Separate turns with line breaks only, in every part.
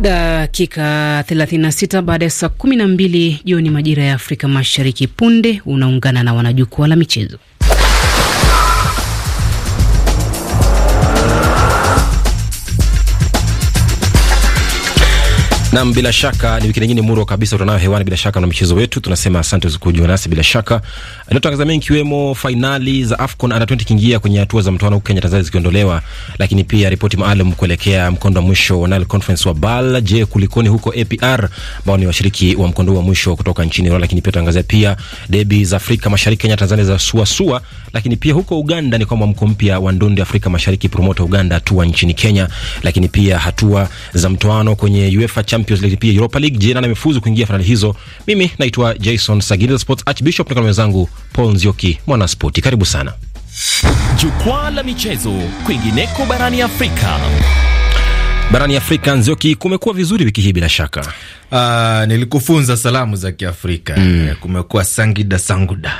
Dakika 36 baada ya saa 12 jioni majira ya Afrika Mashariki. Punde unaungana na wanajukwaa la michezo.
Nam, bila shaka ni wiki nyingine muro kabisa tunayo hewani, bila shaka na michezo wetu. Tunasema asante kujiunga nasi bila shaka. Leo tuangaza mengi ikiwemo fainali za AFCON under 20 kiingia kwenye hatua za mtoano huko Kenya, Tanzania zikiondolewa, lakini pia ripoti maalum kuelekea mkondo wa mwisho wa Nile Conference wa BAL. Je, kulikoni huko APR ambao ni washiriki wa mkondo wa mwisho kutoka nchini Rwanda, lakini pia tuangaza pia debi za Afrika Mashariki, Kenya Tanzania za sua sua, lakini pia huko Uganda ni kwamba mko mpya wa ndondi Afrika Mashariki promoter Uganda hatua nchini Kenya, lakini pia hatua za mtoano kwenye UEFA Champions Champions League pia Europa League. Je, nani amefuzu kuingia fainali hizo? Mimi naitwa Jason Sagini Sports Archbishop, na mwenzangu Paul Nzioki mwana sporti Karibu sana jukwaa la michezo kwingineko barani Afrika. Barani Afrika, Nzioki,
kumekuwa vizuri wiki hii bila shaka Uh, nilikufunza salamu za Kiafrika mm. Eh, kumekuwa sangida sanguda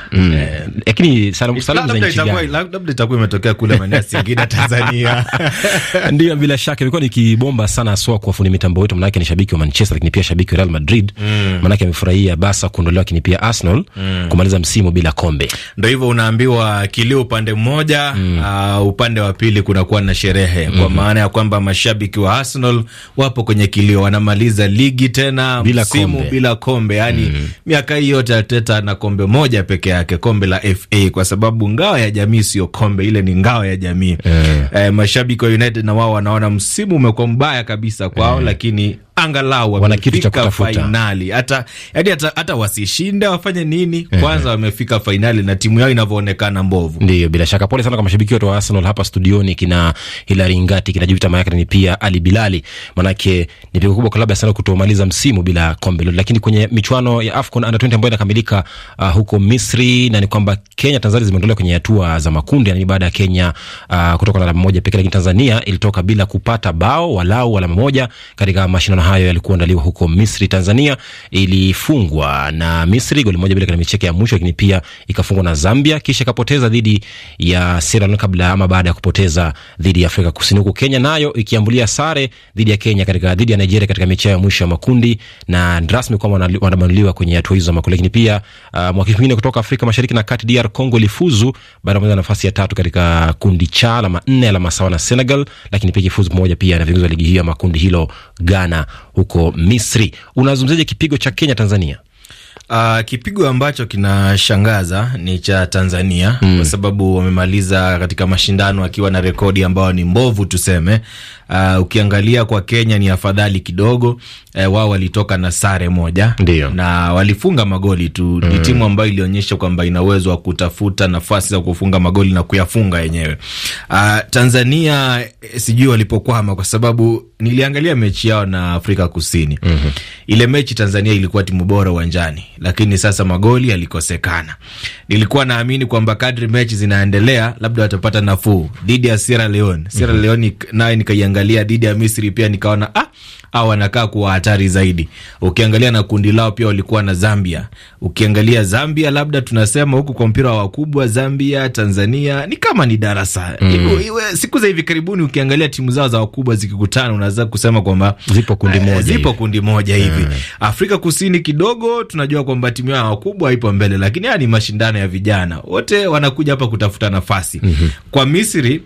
lakini mm. Eh, salamu salamu za nchi gani? Labda itakuwa imetokea kule maeneo ya Singida Tanzania.
Ndio, bila shaka imekuwa nikibomba sana swa kwa fundi mitambo wetu, manake ni shabiki wa Manchester, lakini pia shabiki wa Real Madrid
mm. Manake
amefurahia basa kuondolewa, lakini pia Arsenal mm. kumaliza msimu bila kombe.
Ndio hivyo unaambiwa kilio upande mmoja mm. Uh, upande wa pili kunakuwa na sherehe mm. -hmm. Kwa mm-hmm. maana ya kwamba mashabiki wa Arsenal wapo kwenye kilio, wanamaliza ligi tena tena bila msimu kombe. bila kombe yani mm. miaka hii yote Arteta na kombe moja peke yake, kombe la FA, kwa sababu ngao ya jamii sio kombe, ile ni ngao ya jamii yeah. E, eh, mashabiki wa United na wao wanaona msimu umekuwa mbaya kabisa kwao yeah. lakini angalau wana kitu wamefika fainali, hata yaani hata, hata wasishinde wafanye nini eh. kwanza, wamefika finali na timu yao inavyoonekana mbovu. Ndio, bila shaka pole sana kwa mashabiki
wote wa Arsenal hapa studioni, kina Hilary Ngati, kina Jupiter Mayaka ni pia Ali Bilali, manake ni pigo kubwa klabu ya Arsenal kutomaliza msimu bila kombe. Lakini kwenye michuano ya AFCON under 20 ambayo inakamilika uh, huko Misri, na ni kwamba Kenya, Tanzania zimeondolewa kwenye hatua za makundi, yani baada ya Kenya uh, kutoka na alama moja pekee, lakini Tanzania ilitoka bila kupata bao walau alama moja katika mashindano haya ambayo yalikuandaliwa huko Misri. Tanzania ilifungwa na Misri goli moja bila katika micheke ya mwisho, lakini pia ikafungwa na Zambia kisha ikapoteza dhidi ya Sierra Leone kabla ama baada ya kupoteza dhidi ya Afrika Kusini, huku Kenya nayo ikiambulia sare dhidi ya Kenya katika dhidi ya Nigeria katika mechi ya mwisho ya makundi na rasmi kwamba wanabanuliwa kwenye hatua hizo za makundi. Lakini pia uh, mwakilishi mwingine kutoka Afrika Mashariki na Kati, DR Congo ilifuzu baada ya nafasi ya tatu katika kundi cha alama nne, alama sawa na Senegal, lakini pia kifuzu moja pia na viongozi wa ligi hiyo ya makundi hilo
Ghana huko Misri. Unazungumziaje kipigo cha Kenya Tanzania? Uh, kipigo ambacho kinashangaza ni cha Tanzania mm, kwa sababu wamemaliza katika mashindano akiwa na rekodi ambayo ni mbovu tuseme, Uh, ukiangalia kwa Kenya ni afadhali kidogo uh, wao walitoka na sare moja Ndiyo. na walifunga magoli tu mm. Ni timu ambayo ilionyesha kwamba ina uwezo wa kutafuta nafasi za kufunga magoli na kuyafunga yenyewe. Uh, Tanzania eh, sijui walipokwama, kwa sababu niliangalia mechi yao na Afrika Kusini mm -hmm. Ile mechi Tanzania ilikuwa timu bora uwanjani, lakini sasa magoli yalikosekana. Nilikuwa naamini kwamba kadri mechi zinaendelea, labda watapata nafuu dhidi ya Sierra Leone. Sierra mm -hmm. Leone nayo nikaiangalia nikiangalia dhidi ya Misri pia nikaona ah, au wanakaa kuwa hatari zaidi. Ukiangalia na kundi lao pia walikuwa na Zambia. Ukiangalia Zambia, labda tunasema huku kwa mpira wakubwa, Zambia, Tanzania ni kama ni darasa mm. Iwe, siku za hivi karibuni ukiangalia timu zao za wakubwa zikikutana, unaweza kusema kwamba zipo kundi eh, moja, uh, zipo kundi moja hivi mm. Afrika Kusini kidogo tunajua kwamba timu yao wakubwa ipo mbele, lakini haya ni mashindano ya vijana, wote wanakuja hapa kutafuta nafasi mm -hmm. kwa Misri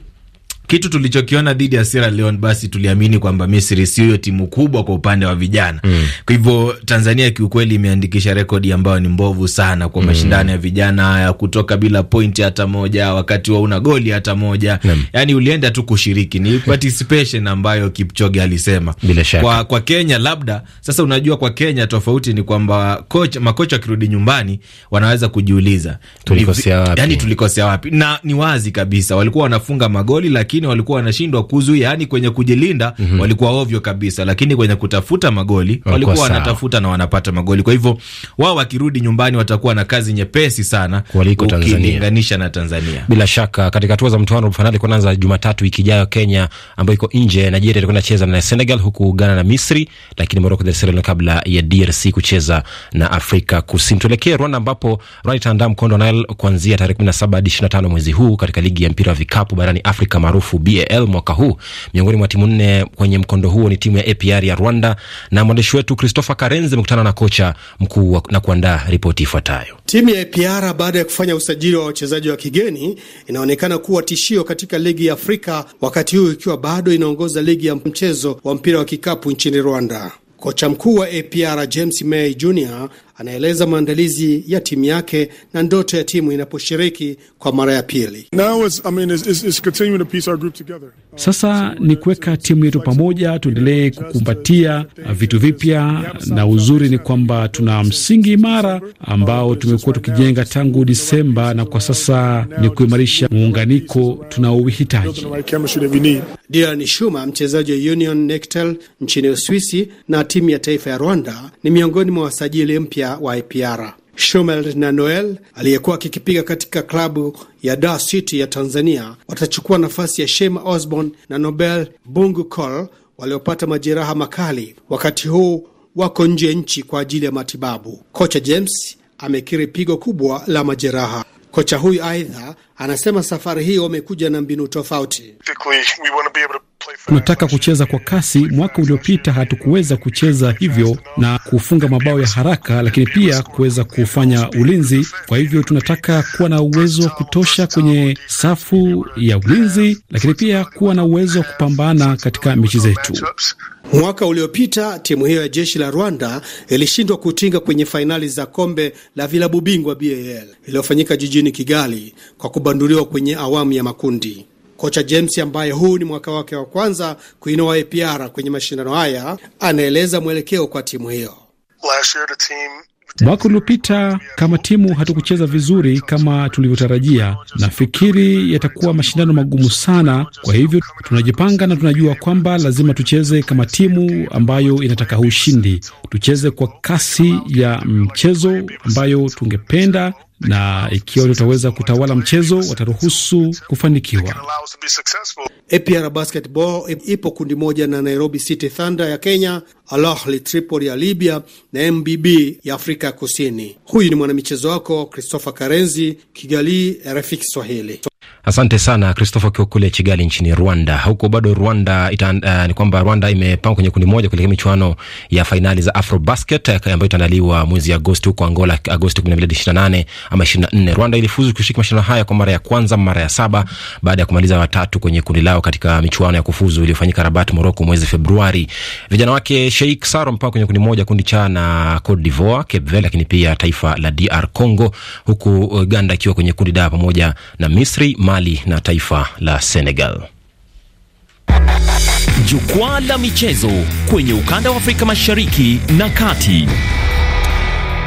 kitu tulichokiona dhidi ya Sierra Leone, basi tuliamini kwamba Misri si hiyo timu kubwa kwa upande wa vijana mm. Kwa hivyo Tanzania kiukweli imeandikisha rekodi ambayo ni mbovu sana kwa mm. mashindano ya vijana haya, kutoka bila pointi hata moja, wakati wa una goli hata moja mm. Yani ulienda tu kushiriki, ni participation ambayo Kipchoge alisema. Bila shaka kwa, kwa Kenya labda sasa, unajua kwa Kenya tofauti ni kwamba coach, makocha wakirudi nyumbani wanaweza kujiuliza tulikosea yaani wapi, yani tulikosea wapi, na ni wazi kabisa walikuwa wanafunga magoli lakini lakini walikuwa wanashindwa kuzuia, yani kwenye kujilinda mm -hmm. walikuwa ovyo kabisa, lakini kwenye kutafuta magoli walikuwa wanatafuta na wanapata magoli. Kwa hivyo wao wakirudi nyumbani watakuwa na kazi nyepesi sana ukilinganisha na Tanzania.
Bila shaka katika hatua za mtoano fainali kuanza Jumatatu wiki ijayo, Kenya ambayo iko nje, Nigeria itakwenda cheza na Senegal, huku Ghana na Misri, lakini Morocco na Sierra Leone kabla ya DRC kucheza na Afrika Kusini. Tuelekee Rwanda ambapo Rwanda itaandaa mkondo wa Nile kuanzia tarehe 17 hadi 25 mwezi huu katika ligi ya mpira wa vikapu barani Afrika maarufu maarufu BAL mwaka huu. Miongoni mwa timu nne kwenye mkondo huo ni timu ya APR ya Rwanda, na mwandishi wetu Christopher Karenzi amekutana na kocha mkuu na kuandaa ripoti ifuatayo.
Timu ya APR baada ya kufanya usajili wa wachezaji wa kigeni inaonekana kuwa tishio katika ligi ya Afrika, wakati huu ikiwa bado inaongoza ligi ya mchezo wa mpira wa kikapu nchini Rwanda. Kocha mkuu wa APR James May Jr anaeleza maandalizi ya timu yake na ndoto ya timu inaposhiriki kwa mara ya pili.
Sasa ni kuweka timu yetu pamoja, tuendelee kukumbatia vitu vipya, na uzuri ni kwamba tuna msingi imara ambao tumekuwa tukijenga tangu Disemba, na kwa sasa ni kuimarisha muunganiko tunaouhitaji.
Dylan Shuma, mchezaji wa Union Nectel nchini Uswisi na timu ya taifa ya Rwanda, ni miongoni mwa wasajili mpya meneja wa IPR Shomel na Noel aliyekuwa akikipiga katika klabu ya Dar City ya Tanzania watachukua nafasi ya Shema Osborn na Nobel Bungu Col waliopata majeraha makali. Wakati huu wako nje ya nchi kwa ajili ya matibabu. Kocha James amekiri pigo kubwa la majeraha. Kocha huyu aidha anasema safari hii wamekuja na mbinu tofauti
tunataka kucheza kwa kasi. Mwaka uliopita hatukuweza kucheza hivyo na kufunga mabao ya haraka, lakini pia kuweza kufanya ulinzi. Kwa hivyo tunataka kuwa na uwezo wa kutosha kwenye safu ya ulinzi, lakini pia kuwa na uwezo wa kupambana katika mechi zetu.
Mwaka uliopita timu hiyo ya jeshi la Rwanda ilishindwa kutinga kwenye fainali za kombe la vilabu bingwa BAL iliyofanyika jijini Kigali kwa kubanduliwa kwenye awamu ya makundi. Kocha James ambaye huu ni mwaka wake wa kwanza kuinoa APR kwenye mashindano haya anaeleza mwelekeo kwa timu hiyo.
Mwaka uliopita kama timu hatukucheza vizuri kama tulivyotarajia. Nafikiri yatakuwa mashindano magumu sana, kwa hivyo tunajipanga na tunajua kwamba lazima tucheze kama timu ambayo inataka ushindi, tucheze kwa kasi ya mchezo ambayo tungependa na ikiwa tutaweza kutawala mchezo wataruhusu kufanikiwa.
APR Basketball ipo kundi moja na Nairobi City Thunder ya Kenya, Al Ahly Tripoli ya Libya na MBB ya Afrika ya Kusini. Huyu ni mwanamichezo wako Christopher Karenzi, Kigali, RFI Kiswahili.
Asante sana Christopher Kio kule Kigali nchini Rwanda. Huko bado Rwanda ita, uh, eh, ni kwamba Rwanda imepangwa kwenye kundi moja kuelekea michuano ya fainali za Afrobasket eh, ambayo itaandaliwa mwezi Agosti huko Angola, Agosti 12 hadi 28 ama 24. Rwanda ilifuzu kushiriki mashindano haya kwa mara ya kwanza mara ya saba baada ya kumaliza watatu kwenye kundi lao katika michuano ya kufuzu iliyofanyika Rabat, Morocco mwezi Februari. Vijana wake Sheikh Saro mpaka kwenye kundi moja, kundi cha na Cote d'Ivoire, Cape Verde, lakini pia taifa la DR Congo, huku Uganda ikiwa kwenye kundi da pamoja na Misri, Mali Mali na taifa la Senegal. Jukwaa la michezo kwenye ukanda wa Afrika Mashariki na Kati.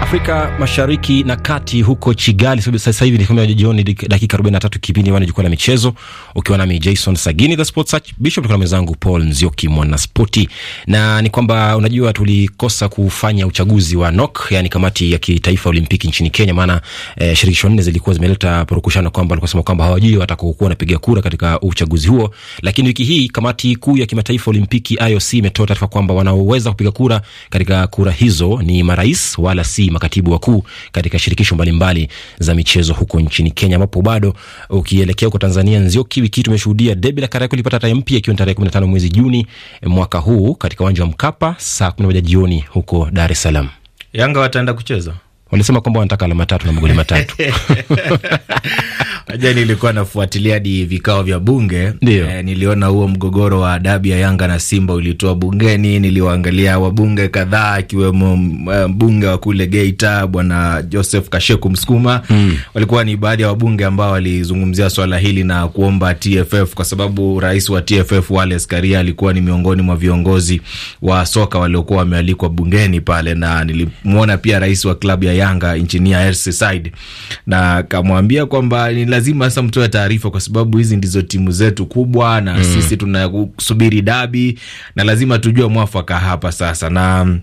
Afrika Mashariki na Kati, huko Kigali sasa hivi ni jioni, dakika 43, kipindi ni jukwaa la michezo, ukiwa nami Jason Sagini the Sports Search Bishop, na mwenzangu Paul Nzioki mwana spoti. Na ni kwamba unajua tulikosa kufanya uchaguzi wa NOC, yani kamati ya kitaifa olimpiki nchini Kenya, maana eh, shirikisho nne zilikuwa zimeleta porukushano kwamba walikuwa sema kwamba hawajui watakokuwa wanapiga kura katika uchaguzi huo, lakini wiki hii kamati kuu ya kimataifa olimpiki IOC imetoa taarifa kwamba wanaoweza kupiga kura katika kura hizo ni marais wala si makatibu wakuu katika shirikisho mbalimbali za michezo huko nchini Kenya, ambapo bado ukielekea huko Tanzania, Nzioki, wiki tumeshuhudia debi la Kariakoo ilipata tarehe mpya ikiwa tarehe 15 mwezi Juni mwaka huu katika uwanja wa Mkapa saa 11 jioni huko Dar es Salaam.
Yanga wataenda kucheza,
walisema kwamba wanataka alama
tatu na magoli matatu Najua nilikuwa nafuatilia di vikao vya bunge e, niliona huo mgogoro wa adabu ya Yanga na Simba ulitoa bungeni. Niliwaangalia wabunge kadhaa akiwemo eh, mbunge wa kule Geita Bwana Joseph Kasheku Msukuma mm. Walikuwa ni baadhi ya wabunge ambao walizungumzia swala hili na kuomba TFF, kwa sababu rais wa TFF Wallace Karia alikuwa ni miongoni mwa viongozi wa soka waliokuwa wamealikwa bungeni pale, na nilimwona pia rais wa klabu ya Yanga injinia Hersi Said na kamwambia kwamba ni lazima sasa mtoe taarifa, kwa sababu hizi ndizo timu zetu kubwa na mm. sisi tunasubiri dabi na lazima tujue mwafaka hapa sasa na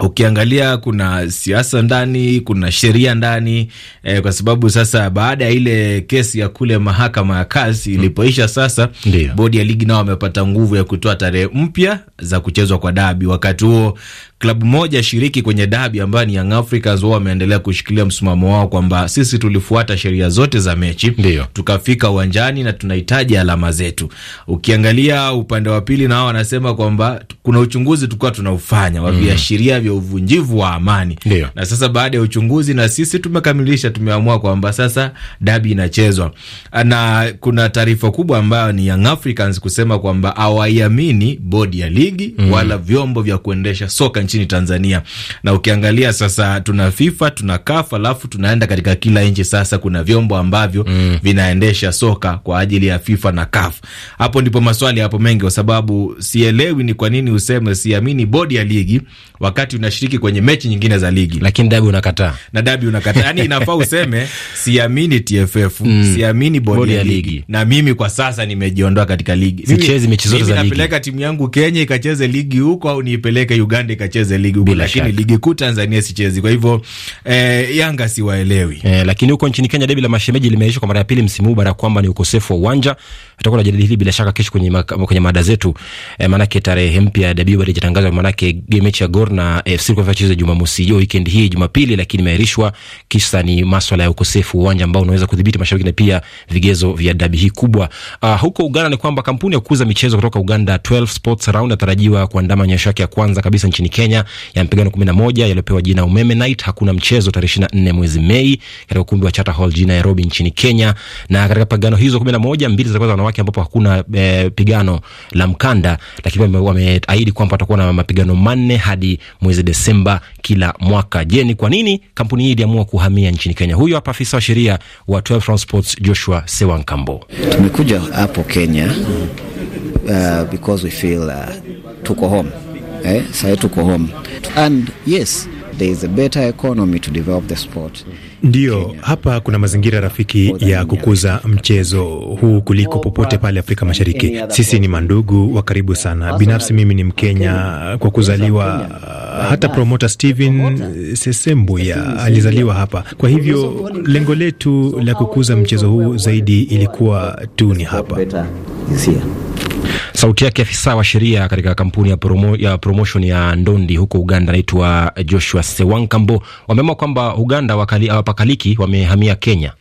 ukiangalia kuna siasa ndani, kuna sheria ndani eh, kwa sababu sasa baada ya ile kesi ya kule mahakama ya kazi mm. ilipoisha, sasa bodi ya ligi nao wamepata nguvu ya kutoa tarehe mpya za kuchezwa kwa dabi. Wakati huo klabu moja shiriki kwenye dabi ambayo ni Young Africans, wao wameendelea kushikilia msimamo wao kwamba sisi tulifuata sheria zote za mechi, ndio tukafika uwanjani na tunahitaji alama zetu. Ukiangalia upande wa pili, nao wanasema kwamba kuna uchunguzi tulikuwa tunaufanya wa mm. viashiria mm. vya uvunjivu wa amani Dio. na sasa baada ya uchunguzi na sisi tumekamilisha, tumeamua kwamba sasa dabi inachezwa, na kuna taarifa kubwa ambayo ni Young Africans kusema kwamba hawaiamini bodi ya ligi mm. wala vyombo vya kuendesha soka nchini Tanzania. Na ukiangalia sasa, tuna FIFA tuna KAFA, alafu tunaenda katika kila nchi sasa, kuna vyombo ambavyo mm. vinaendesha soka kwa ajili ya FIFA na KAFA. Hapo ndipo maswali hapo mengi, kwa sababu sielewi ni kwa nini useme siamini bodi ya ligi wakati unashiriki kwenye mechi nyingine za ligi, lakini dabi unakataa na dabi unakataa, yani inafaa useme siamini TFF mm. siamini bodi, bodi ya, ya ligi. ligi na mimi kwa sasa nimejiondoa katika ligi, sichezi mechi zote za ligi. Napeleka timu yangu Kenya ikacheze ligi huko, au niipeleke Uganda ikacheze icheze ligi huko, lakini ligi kuu Tanzania sichezi. Kwa hivyo eh, Yanga
siwaelewi eh, lakini huko nchini Kenya debi la mashemeji limeahirishwa kwa mara ya pili msimu huu bara kwamba ni ukosefu wa uwanja. Tutakuwa jadili hili bila shaka kesho kwenye, ma, kwenye mada zetu eh, maanake tarehe mpya ya debi bado itatangazwa, maanake mechi ya Gor na AFC eh, ilikuwa inachezwa Jumamosi hiyo weekend hii Jumapili, lakini imeahirishwa. Kisa ni maswala ya ukosefu wa uwanja ambao unaweza kudhibiti mashabiki na pia vigezo vya dabi hii kubwa. Uh, huko Uganda ni kwamba kampuni ya kuuza michezo kutoka Uganda 12 Sports Round atarajiwa kuandama nyesho yake ya kwanza kabisa nchini Kenya Kenya ya mapigano 11 yaliyopewa jina Umeme Night. Hakuna mchezo tarehe 24 mwezi Mei katika ukumbi wa Charter Hall jijini Nairobi nchini Kenya. Na katika pigano hizo 11, mbili zitakuwa za wanawake ambapo hakuna e, pigano la mkanda, lakini wameahidi kwamba watakuwa na mapigano manne hadi mwezi Desemba kila mwaka. Je, ni kwa nini kampuni hii iliamua kuhamia nchini Kenya? Huyo hapa afisa wa sheria wa 12 Round Sports Joshua Sewankambo.
Tumekuja hapo Kenya uh, because we feel uh, tuko home eh, home and yes there is a better economy to develop the sport. Ndiyo, hapa kuna mazingira rafiki ya kukuza mchezo huu kuliko popote pale Afrika Mashariki. Sisi ni mandugu wa karibu sana. Binafsi mimi ni Mkenya kwa kuzaliwa. Hata promota Steven Sesembuya alizaliwa hapa. Kwa hivyo lengo letu la kukuza mchezo huu zaidi ilikuwa tu ni hapa.
Sauti yake afisa wa sheria katika kampuni ya, promo, ya promotion ya ndondi huko Uganda anaitwa Joshua Sewankambo wameamua kwamba Uganda wapakaliki wamehamia Kenya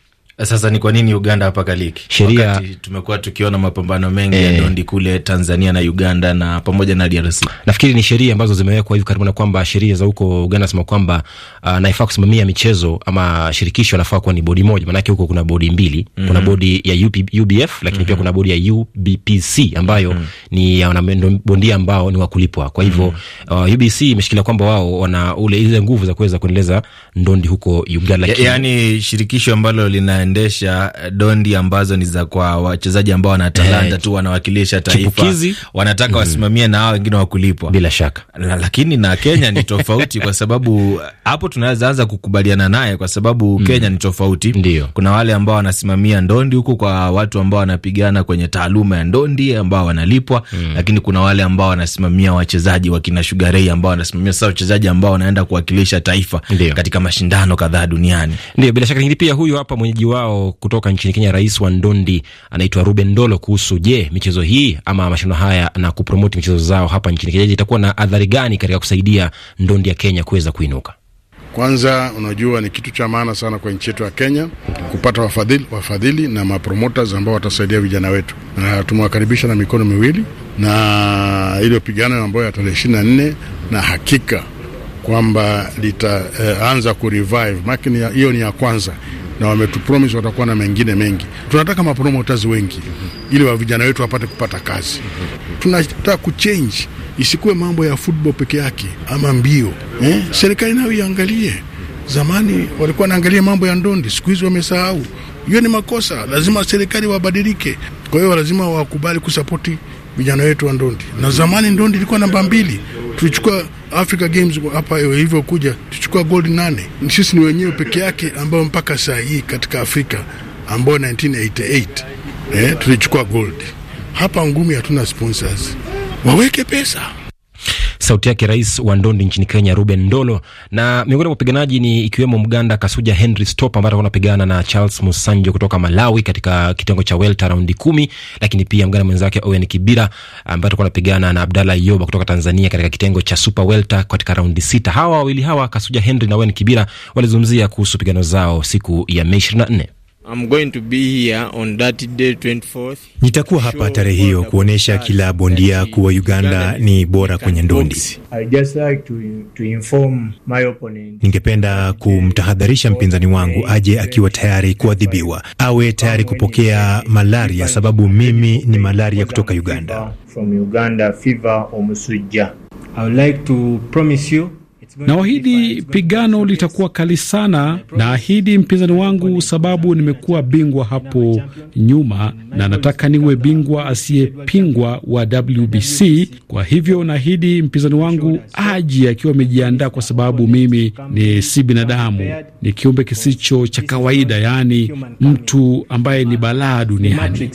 sasa ni kwa nini Uganda hapa kaliki Sheria wakati
tumekuwa tukiona mapambano mengi ya eh, dondi kule Tanzania na Uganda na pamoja na DRC. Nafikiri ni sheria ambazo
zimewekwa hivi karibuni, kwamba sheria za huko Uganda nasema kwamba uh, naifaa kusimamia michezo ama shirikisho anafaa kuwa ni bodi moja, maanake huko kuna bodi mbili mm -hmm. kuna bodi ya UP, UBF lakini mm -hmm. pia mm-hmm. kuna bodi ya UBPC ambayo mm -hmm. ni wanamendo bondia ambao ni wakulipwa. Kwa hivyo mm
-hmm. uh, UBC imeshikilia kwamba wao wana ule ile nguvu za kuweza kuendeleza ndondi huko Uganda, lakini ya, yani shirikisho ambalo lina wanaendesha eh, dondi ambazo ni za kwa wachezaji ambao wana talanta eh, tu, wanawakilisha taifa, wanataka mm, wasimamie na hao wengine wakulipwa bila shaka. Lakini na Kenya ni tofauti, kwa sababu eh, hapo tunaweza anza kukubaliana naye, kwa sababu mm, Kenya ni tofauti. Ndiyo. kuna wale ambao wanasimamia ndondi huku kwa watu ambao wanapigana kwenye taaluma ya ndondi ambao wanalipwa, mm, lakini kuna wale ambao wanasimamia wachezaji wakina Sugar Ray ambao wanasimamia sasa wachezaji ambao wanaenda kuwakilisha taifa Ndiyo. katika mashindano kadhaa duniani.
Ndio, bila shaka. Pia huyu hapa mwenyeji wa wao kutoka nchini Kenya, rais wa ndondi anaitwa Ruben dolo kuhusu je, michezo hii ama mashindano haya na kupromoti michezo zao hapa nchini Kenya itakuwa na athari gani katika kusaidia ndondi ya Kenya kuweza kuinuka?
Kwanza unajua, ni kitu cha maana sana kwa nchi yetu ya Kenya kupata wafadhili, wafadhili na mapromoters ambao watasaidia vijana wetu, na tumewakaribisha na mikono miwili na ilo pigano ambayo ya tarehe ishirini na nne na hakika kwamba litaanza eh, kurevive makini hiyo ni ya kwanza na wametupromise watakuwa na mengine mengi. Tunataka mapromoters wengi ili wa vijana wetu wapate kupata kazi. Tunataka kuchange, isikuwe mambo ya football peke yake ama mbio eh? Serikali nayo iangalie. Zamani walikuwa naangalia mambo ya ndondi, siku hizi wamesahau. Hiyo ni makosa, lazima serikali wabadilike. Kwa hiyo lazima wakubali kusapoti vijana wetu wa ndondi, na zamani ndondi ilikuwa namba mbili. Tulichukua Africa Games hapa ilivyokuja, tuchukua gold nane. Sisi ni wenyewe peke yake ambayo mpaka saa hii katika Afrika ambao 1988 eh, tulichukua gold. Hapa ngumi hatuna sponsors, waweke pesa
sauti yake rais wa ndondi nchini Kenya, Ruben Ndolo. Na miongoni mwa wapiganaji ni ikiwemo Mganda Kasuja Henry Stop ambaye atakuwa anapigana na Charles Musanjo kutoka Malawi katika kitengo cha welta raundi kumi, lakini pia Mganda mwenzake Owen Kibira ambaye atakuwa anapigana na Abdalla Yoba kutoka Tanzania katika kitengo cha super welta katika raundi sita. Hawa wawili hawa Kasuja Henry na Owen Kibira walizungumzia kuhusu pigano zao
siku ya Mei ishirini na nne. I'm going to be here on that day 24th. Nitakuwa hapa tarehe hiyo kuonyesha kila bondia kuwa Uganda ni bora kwenye ndondi. Like ningependa kumtahadharisha mpinzani wangu aje akiwa tayari kuadhibiwa, awe tayari kupokea malaria, sababu mimi ni malaria kutoka Uganda. From Uganda fever I would like to promise you
nawahidi pigano litakuwa kali sana, naahidi mpinzani wangu, sababu nimekuwa bingwa hapo nyuma na nataka niwe bingwa asiyepingwa wa WBC. Kwa hivyo naahidi mpinzani wangu aji akiwa amejiandaa, kwa sababu mimi ni si binadamu, ni kiumbe kisicho cha kawaida, yaani mtu ambaye ni balaa duniani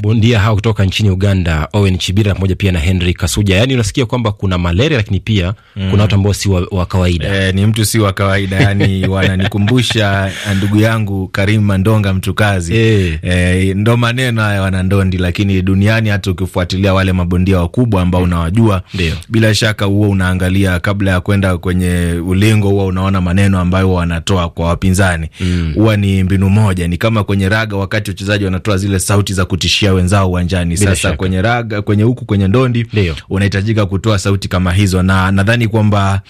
bondia hao kutoka nchini Uganda, Owen Chibira pamoja pia na Henry Kasuja. Yani unasikia kwamba
kuna malaria, lakini pia mm. kuna watu ambao si wa, wa kawaida e, ni mtu si wa kawaida yani wananikumbusha ndugu yangu Karim Mandonga mtu kazi e. Eh. E, eh, ndo maneno haya wanandondi, lakini duniani hata ukifuatilia wale mabondia wakubwa ambao unawajua Deo. bila shaka huo unaangalia kabla ya kwenda kwenye ulingo, huwa unaona maneno ambayo wanatoa kwa wapinzani mm. huwa mm. ni mbinu moja, ni kama kwenye raga, wakati wachezaji wanatoa zile sauti za kutishia kuwatishia wenzao uwanjani. Sasa kwenye raga, kwenye huku kwenye ndondi unahitajika kutoa sauti kama hizo, na nadhani kwamba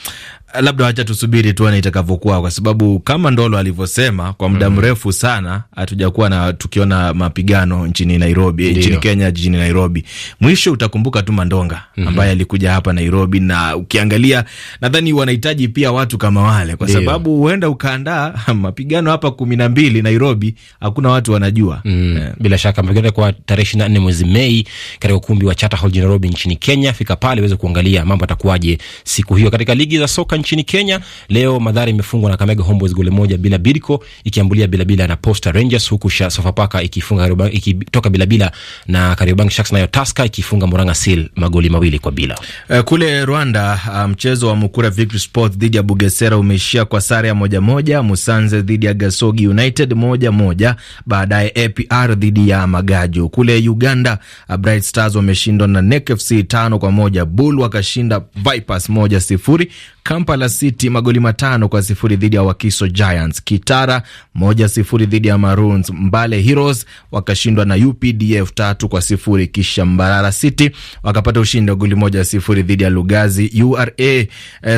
labda wacha tusubiri tuone itakavyokuwa, kwa sababu kama Ndolo alivyosema, kwa muda mm-hmm. mrefu sana hatujakuwa na tukiona mapigano nchini Nairobi, Ndiyo. nchini Kenya, jijini Nairobi. Mwisho utakumbuka tu Mandonga mm -hmm. ambaye alikuja hapa Nairobi, na ukiangalia nadhani wanahitaji pia watu kama wale, kwa sababu huenda ukaandaa mapigano hapa kumi na mbili Nairobi, hakuna watu wanajua mm. yeah. bila shaka
mapigano kwa tarehe ishirini na nne mwezi Mei katika ukumbi wa Charter Hall Nairobi nchini Kenya. Fika pale uweze kuangalia mambo atakuwaje siku hiyo katika ligi za soka nchini Kenya leo Madhara imefungwa na Kamega Homeboys goli moja bila, Bidco ikiambulia bila bila na Posta Rangers, huku Sofapaka ikifunga ikitoka bila bila na Kariobangi Sharks, nayo
Taska ikifunga Murang'a Seal magoli mawili kwa bila. Eh, kule Rwanda ah, mchezo wa Mukura Victory Sport dhidi ya Bugesera umeishia kwa sare ya moja moja, Musanze dhidi ya Gasogi United moja moja, baadaye APR dhidi ya Magaju. Kule Uganda ah, Bright Stars wameshindwa na NEC FC tano kwa moja, Bull wakashinda Vipers moja sifuri, Kampala la City magoli matano kwa sifuri dhidi ya Wakiso Giants, Kitara moja sifuri dhidi ya Maroons, Mbale Heroes wakashindwa na UPDF tatu kwa sifuri kisha Mbarara City wakapata ushindi wa goli moja sifuri dhidi ya Lugazi, URA eh,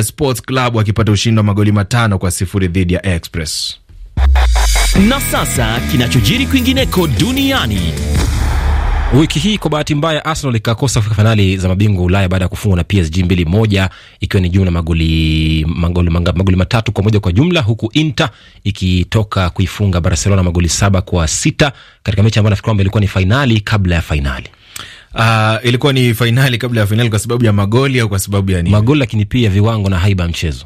Sports Club wakipata ushindi wa magoli matano kwa sifuri dhidi ya Express. Na sasa kinachojiri kwingineko duniani
Wiki hii kwa bahati mbaya Arsenal ikakosa kufika fainali za mabingwa Ulaya baada ya kufungwa na PSG mbili moja, ikiwa ni jumla magoli, magoli, magoli matatu kwa moja kwa jumla, huku Inter ikitoka kuifunga Barcelona magoli saba kwa sita katika mechi ambayo nafikiri kwamba ilikuwa ni
fainali kabla ya fainali. Uh, ah, ilikuwa ni fainali kabla ya fainali kwa sababu ya magoli au kwa sababu ya nini? Magoli, lakini pia viwango na haiba mchezo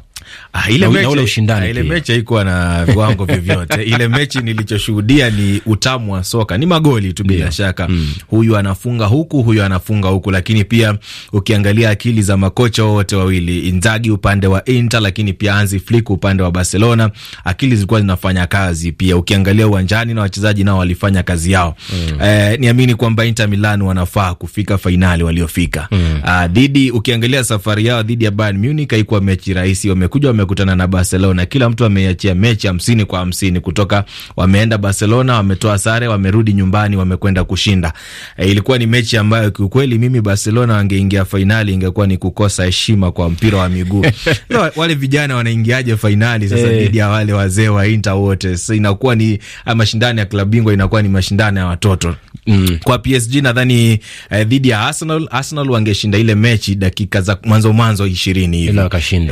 Ah, ile mechi ule ushindani, ah, ile mechi haikuwa na viwango vyovyote. ile mechi nilichoshuhudia ni utamu wa soka, ni magoli tu bila shaka mm. Huyu anafunga huku, huyu anafunga huku, lakini pia ukiangalia akili za makocha wote wawili, Inzaghi upande wa Inter, lakini pia Hansi Flick upande wa Barcelona, akili zilikuwa zinafanya kazi pia. Ukiangalia uwanjani na wachezaji nao walifanya kazi yao mm. Eh, niamini kwamba Inter Milan wanafaa kufika fainali waliofika mm. Ah, dhidi ukiangalia safari yao dhidi ya Bayern Munich haikuwa mechi rahisi, wamekuja wamekuja wamekutana na Barcelona, kila mtu ameachia mechi hamsini kwa hamsini kutoka wameenda Barcelona, wametoa sare, wamerudi nyumbani, wamekwenda kushinda. E, ilikuwa ni mechi ambayo kiukweli mimi Barcelona wangeingia fainali ingekuwa ni kukosa heshima kwa mpira wa miguu. No, wale vijana wanaingiaje fainali sasa eh. dhidi ya wale wazee wa Inter wote? So, inakuwa ni ah, mashindano ya klabu bingwa, inakuwa ni mashindano ya watoto. Mm. Kwa PSG nadhani eh, dhidi ya Arsenal, Arsenal wangeshinda ile mechi dakika za mwanzo mwanzo ishirini hivi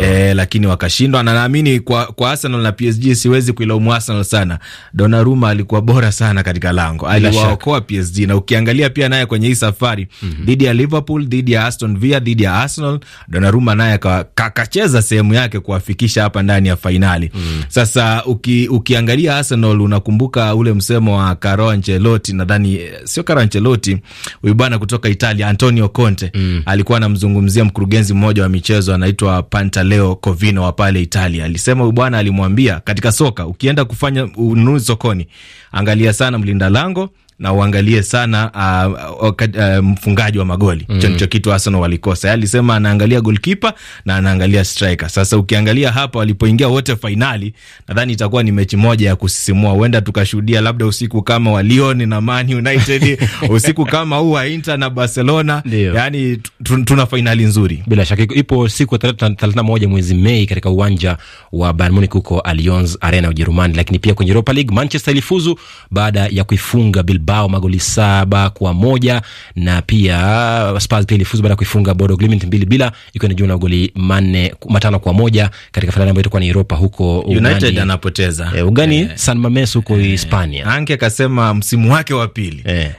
eh, lakini lakini wakashindwa, na naamini kwa, kwa Arsenal na PSG siwezi kuilaumu Arsenal sana. Donnarumma alikuwa bora sana katika lango, aliwaokoa PSG na ukiangalia pia naye kwenye hii safari mm -hmm. dhidi ya Liverpool, dhidi ya Aston Villa, dhidi ya Arsenal, Donnarumma naye kakacheza sehemu yake kuwafikisha hapa ndani ya fainali mm -hmm. Sasa uki, ukiangalia Arsenal unakumbuka ule msemo wa Carlo Ancelotti, nadhani eh, sio Carlo Ancelotti, huyu bwana kutoka Italia Antonio Conte mm -hmm. alikuwa anamzungumzia mkurugenzi mmoja wa michezo anaitwa Pantaleo Covino Infantino wa pale Italia alisema huyu bwana alimwambia, katika soka ukienda kufanya ununuzi sokoni, angalia sana mlinda lango na uangalie sana uh, uh, uh, mfungaji wa magoli mm. Hicho ndicho kitu Arsenal walikosa. Alisema anaangalia goalkeeper na anaangalia striker. Sasa ukiangalia hapa walipoingia wote fainali, nadhani itakuwa ni mechi moja ya kusisimua. Huenda tukashuhudia labda usiku kama wa Lyon na Man United usiku kama huu wa Inter na Barcelona. Dio. Yani tuna fainali nzuri bila shaka.
Ipo siku thelathini na moja mwezi Mei katika uwanja wa Bayern Munich huko Allianz Arena Ujerumani. Lakini pia kwenye Europa League Manchester ilifuzu baada ya kuifunga Bilbao mabao magoli saba kwa moja na pia uh, Spurs pia ilifuzu baada ya kuifunga Bodo Glimt mbili bila, ikiwa ni jumla ya magoli manne matano kwa moja katika fainali ambayo ilikuwa ni Europa huko United Ugani.
anapoteza e, eh, Ugani e, eh. San Mames huko e, Hispania. Anke akasema msimu wake wa pili e,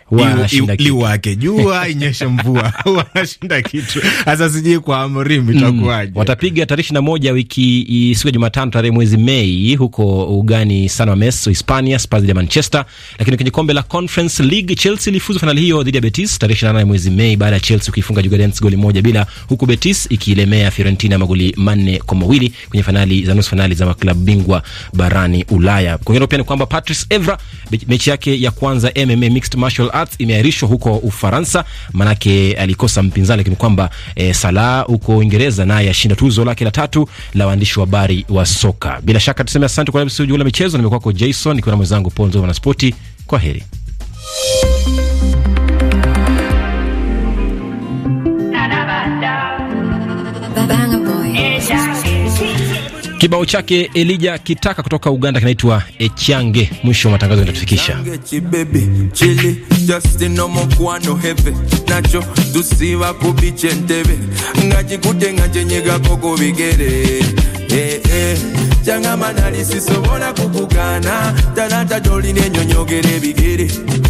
liwake jua inyeshe mvua wanashinda kitu hasa, sijui kwa Amorim mm. itakuwaje. Mm,
watapiga tarehe ishirini na moja wiki siku ya Jumatano tarehe mwezi Mei huko Ugani, San Mames Hispania, Spurs ya Manchester, lakini kwenye kombe la Conference Conference League, Chelsea ilifuzu fainali hiyo dhidi ya Betis tarehe 28 mwezi Mei baada ya Chelsea kuifunga Juventus goli moja bila, huku Betis ikiilemea Fiorentina magoli manne kwa mawili kwenye fainali za nusu fainali za maklabu bingwa barani Ulaya. Kwingine pia ni kwamba Patrice Evra mechi yake ya kwanza MMA mixed martial arts imeahirishwa huko Ufaransa, manake alikosa mpinzani, lakini kwamba e, Salah huko Uingereza naye ashinda tuzo lake la tatu la waandishi wa habari wa soka. Bila shaka tuseme asante kwa sababu sio la michezo, nimekuwa kwa Jason nikiwa na mwenzangu Ponzo na Sporti. Kwa heri. Kibao chake Elija Kitaka kutoka Uganda kinaitwa Echange. Mwisho wa matangazo yanatufikisha
changamana eh, eh. lisisobona kukugana tanata toline nyonyogere bigere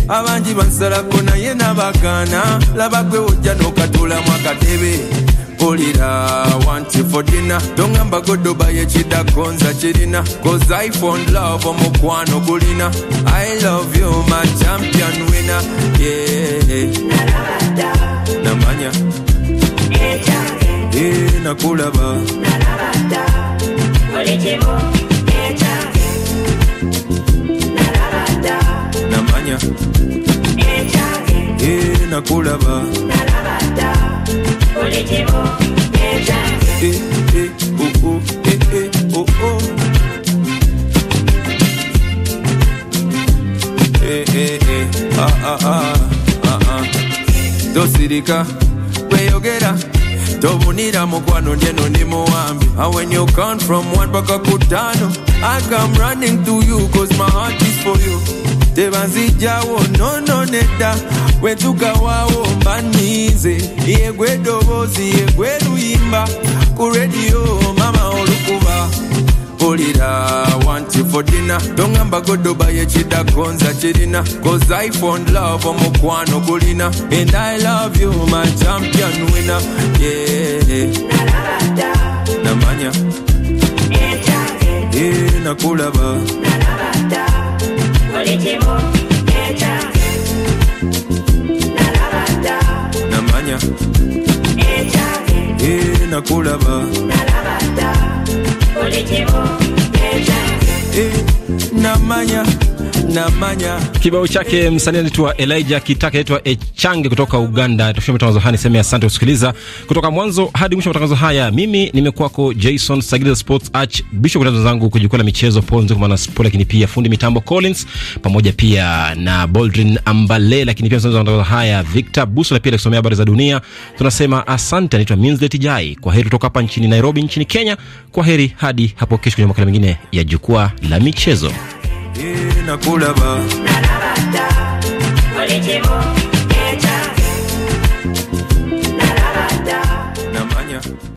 abangi bansalako naye nabagaana labagwe ojja n'okatuulamu akatebe mpulira wanti fodina tongamba godobaye kidakonza kirina cause i found love omukwano gulina i love you my champion wina ye namanya e nakulaba Kenya e, nakulaba e, e, oh, oh, e, e, oh, tosirika kweyogera tobunira mukwano jeno ndi muwambi and you count from one paka kutano i come running to you cause my heart is for you tebazijjawo nono nedda wetugawawo mbanize yegwedoboozi yegweluyimba ku rediyo mama olukuba mpulira wantifodina tongamba godoba yekidagonza kirina koz ifon lov omukwano kulina and i love you my champion wina ye namanya eh, nakulaba e nakulaba eh, namanya
Kibao chake msanii anaitwa Elija Kitaka, anaitwa Echange kutoka Uganda. Tufishe matangazo haya, niseme asante kusikiliza kutoka mwanzo hadi mwisho. Matangazo haya mimi nimekuwako Jason Sagiliza sports arch bishop kutazo zangu kujukwaa la michezo ponzi kwa maana sport, lakini pia fundi mitambo Collins pamoja pia na Boldrin Ambale, lakini pia msanii matangazo haya Victor Buso, na pia kusomea habari za dunia. Tunasema asante, anaitwa Minslet Jai. Kwa heri kutoka hapa nchini Nairobi nchini Kenya. Kwa heri hadi hapo kesho kwenye makala mengine ya jukwaa la
michezo nakulaba